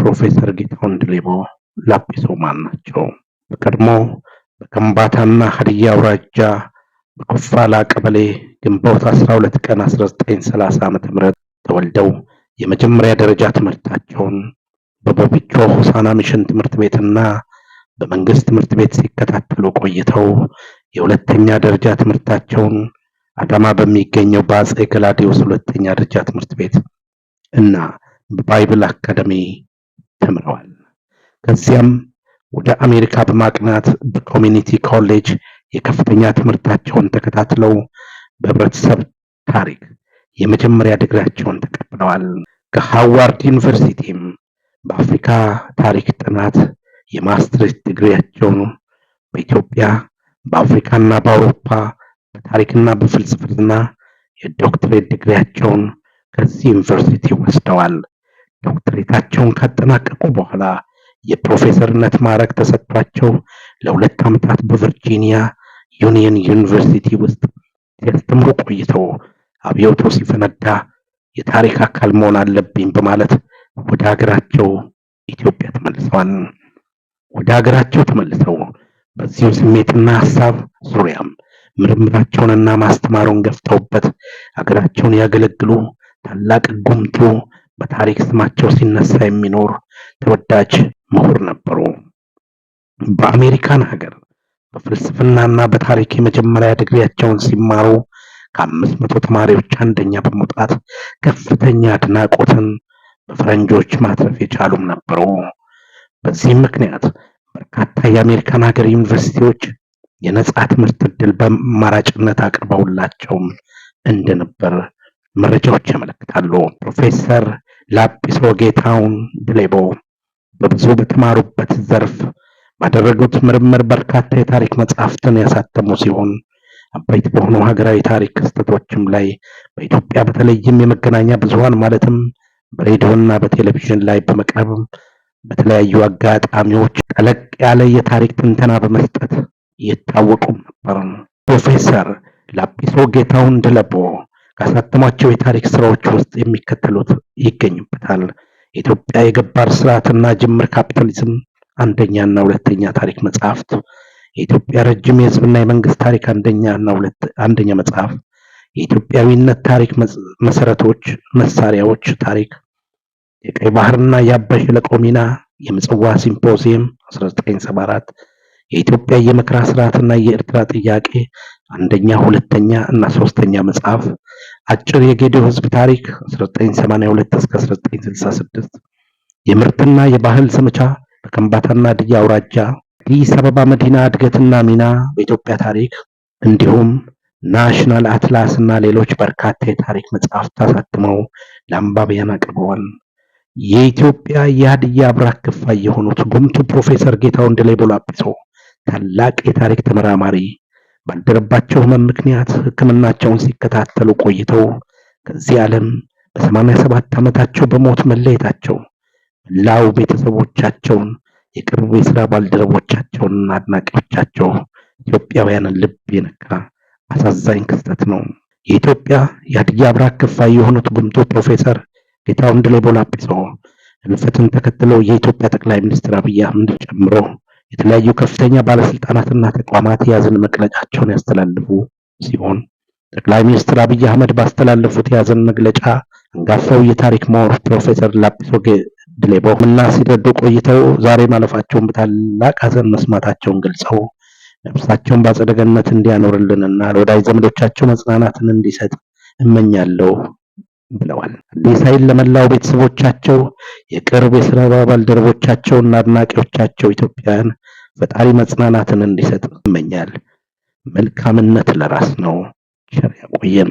ፕሮፌሰር ጌታሁን ድሌሞ ላጲሶ ማን ናቸው? በቀድሞ በከምባታና ሀዲያ አውራጃ በኩፋላ ቀበሌ ግንቦት 12 ቀን 1930 ዓ.ም ተወልደው የመጀመሪያ ደረጃ ትምህርታቸውን በበቢቾ ሆሳና ሚሽን ትምህርት ቤትና በመንግስት ትምህርት ቤት ሲከታተሉ ቆይተው የሁለተኛ ደረጃ ትምህርታቸውን አዳማ በሚገኘው በአጼ ገላዲዮስ ሁለተኛ ደረጃ ትምህርት ቤት እና በባይብል አካደሚ ተምረዋል። ከዚያም ወደ አሜሪካ በማቅናት በኮሚኒቲ ኮሌጅ የከፍተኛ ትምህርታቸውን ተከታትለው በህብረተሰብ ታሪክ የመጀመሪያ ዲግሪያቸውን ተቀብለዋል። ከሃዋርድ ዩኒቨርሲቲም በአፍሪካ ታሪክ ጥናት የማስትሬት ዲግሪያቸውን በኢትዮጵያ በአፍሪካና በአውሮፓ በታሪክና በፍልስፍና የዶክትሬት ዲግሪያቸውን ከዚህ ዩኒቨርሲቲ ወስደዋል። ዶክትሬታቸውን ካጠናቀቁ በኋላ የፕሮፌሰርነት ማዕረግ ተሰጥቷቸው ለሁለት ዓመታት በቨርጂኒያ ዩኒየን ዩኒቨርሲቲ ውስጥ ሲያስተምሩ ቆይተው አብዮቱ ሲፈነዳ የታሪክ አካል መሆን አለብኝ በማለት ወደ ሀገራቸው ኢትዮጵያ ተመልሰዋል። ወደ ሀገራቸው ተመልሰው በዚሁ ስሜትና ሀሳብ ዙሪያም ምርምራቸውንና ማስተማሩን ገፍተውበት ሀገራቸውን ያገለግሉ ታላቅ ጉምቱ በታሪክ ስማቸው ሲነሳ የሚኖር ተወዳጅ ምሁር ነበሩ። በአሜሪካን ሀገር በፍልስፍናና በታሪክ የመጀመሪያ ድግሪያቸውን ሲማሩ ከአምስት መቶ ተማሪዎች አንደኛ በመውጣት ከፍተኛ አድናቆትን በፈረንጆች ማትረፍ የቻሉም ነበሩ። በዚህም ምክንያት በርካታ የአሜሪካን ሀገር ዩኒቨርሲቲዎች የነጻ ትምህርት እድል በአማራጭነት አቅርበውላቸውም እንደነበር መረጃዎች ያመለክታሉ። ፕሮፌሰር ላጲሶ ጌታውን ብሌቦ በብዙ በተማሩበት ዘርፍ ባደረጉት ምርምር በርካታ የታሪክ መጽሐፍትን ያሳተሙ ሲሆን አበይት በሆኑ ሀገራዊ ታሪክ ክስተቶችም ላይ በኢትዮጵያ በተለይም የመገናኛ ብዙሃን ማለትም በሬዲዮና በቴሌቪዥን ላይ በመቅረብ በተለያዩ አጋጣሚዎች ጠለቅ ያለ የታሪክ ትንተና በመስጠት ይታወቁም ነበር። ፕሮፌሰር ላጲሶ ጌታውን ድለቦ ካሳተሟቸው የታሪክ ስራዎች ውስጥ የሚከተሉት ይገኙበታል። የኢትዮጵያ የገባር ስርዓትና ጅምር ካፒታሊዝም አንደኛና ሁለተኛ ታሪክ መጽሐፍት፣ የኢትዮጵያ ረጅም የህዝብና የመንግስት ታሪክ አንደኛና አንደኛ መጽሐፍ፣ የኢትዮጵያዊነት ታሪክ መሰረቶች መሳሪያዎች ታሪክ፣ የቀይ ባህርና የአባይ ሸለቆ ሚና፣ የምጽዋ ሲምፖዚየም 1974፣ የኢትዮጵያ የመከራ ስርዓትና የኤርትራ ጥያቄ አንደኛ ሁለተኛ እና ሶስተኛ መጽሐፍ አጭር የጌዴኦ ህዝብ ታሪክ 1982 እስከ 1966 የምርትና የባህል ዘመቻ በከምባታና ድያ አውራጃ አዲስ አበባ መዲና እድገትና ሚና በኢትዮጵያ ታሪክ እንዲሁም ናሽናል አትላስ እና ሌሎች በርካታ የታሪክ መጽሐፍት አሳትመው ለአንባቢያን አቅርበዋል። የኢትዮጵያ የሀድያ አብራክ ክፋይ የሆኑት ጉምቱ ፕሮፌሰር ጌታሁን ደሌቦ ላጲሶ ታላቅ የታሪክ ተመራማሪ ባደረባቸው ህመም ምክንያት ህክምናቸውን ሲከታተሉ ቆይተው ከዚህ ዓለም በ87 ዓመታቸው በሞት መለየታቸው መላው ቤተሰቦቻቸውን፣ የቅርብ የስራ ባልደረቦቻቸውንና አድናቂዎቻቸው ኢትዮጵያውያንን ልብ የነካ አሳዛኝ ክስተት ነው። የኢትዮጵያ የሀዲያ አብራክ ክፋይ የሆኑት ጉምቱ ፕሮፌሰር ጌታሁን ድሌቦ ላጲሶ ህልፈትን ተከትለው የኢትዮጵያ ጠቅላይ ሚኒስትር አብይ አህመድ ጨምሮ የተለያዩ ከፍተኛ ባለስልጣናትና ተቋማት የሀዘን መግለጫቸውን ያስተላልፉ ሲሆን ጠቅላይ ሚኒስትር አብይ አህመድ ባስተላለፉት የሀዘን መግለጫ አንጋፋው የታሪክ ምሁር ፕሮፌሰር ላጲሶ ድሌቦ ሕክምና ሲረዱ ቆይተው ዛሬ ማለፋቸውን በታላቅ አዘን መስማታቸውን ገልጸው ነፍሳቸውን በአጸደ ገነት እንዲያኖርልንና ለወዳጅ ዘመዶቻቸው መጽናናትን እንዲሰጥ እመኛለሁ ብለዋል። አዲስ ኃይል ለመላው ቤተሰቦቻቸው፣ የቅርብ የስራ እና አድናቂዎቻቸው ኢትዮጵያውያን ፈጣሪ መጽናናትን እንዲሰጥ እመኛል። መልካምነት ለራስ ነው። ቸር ያቆየን።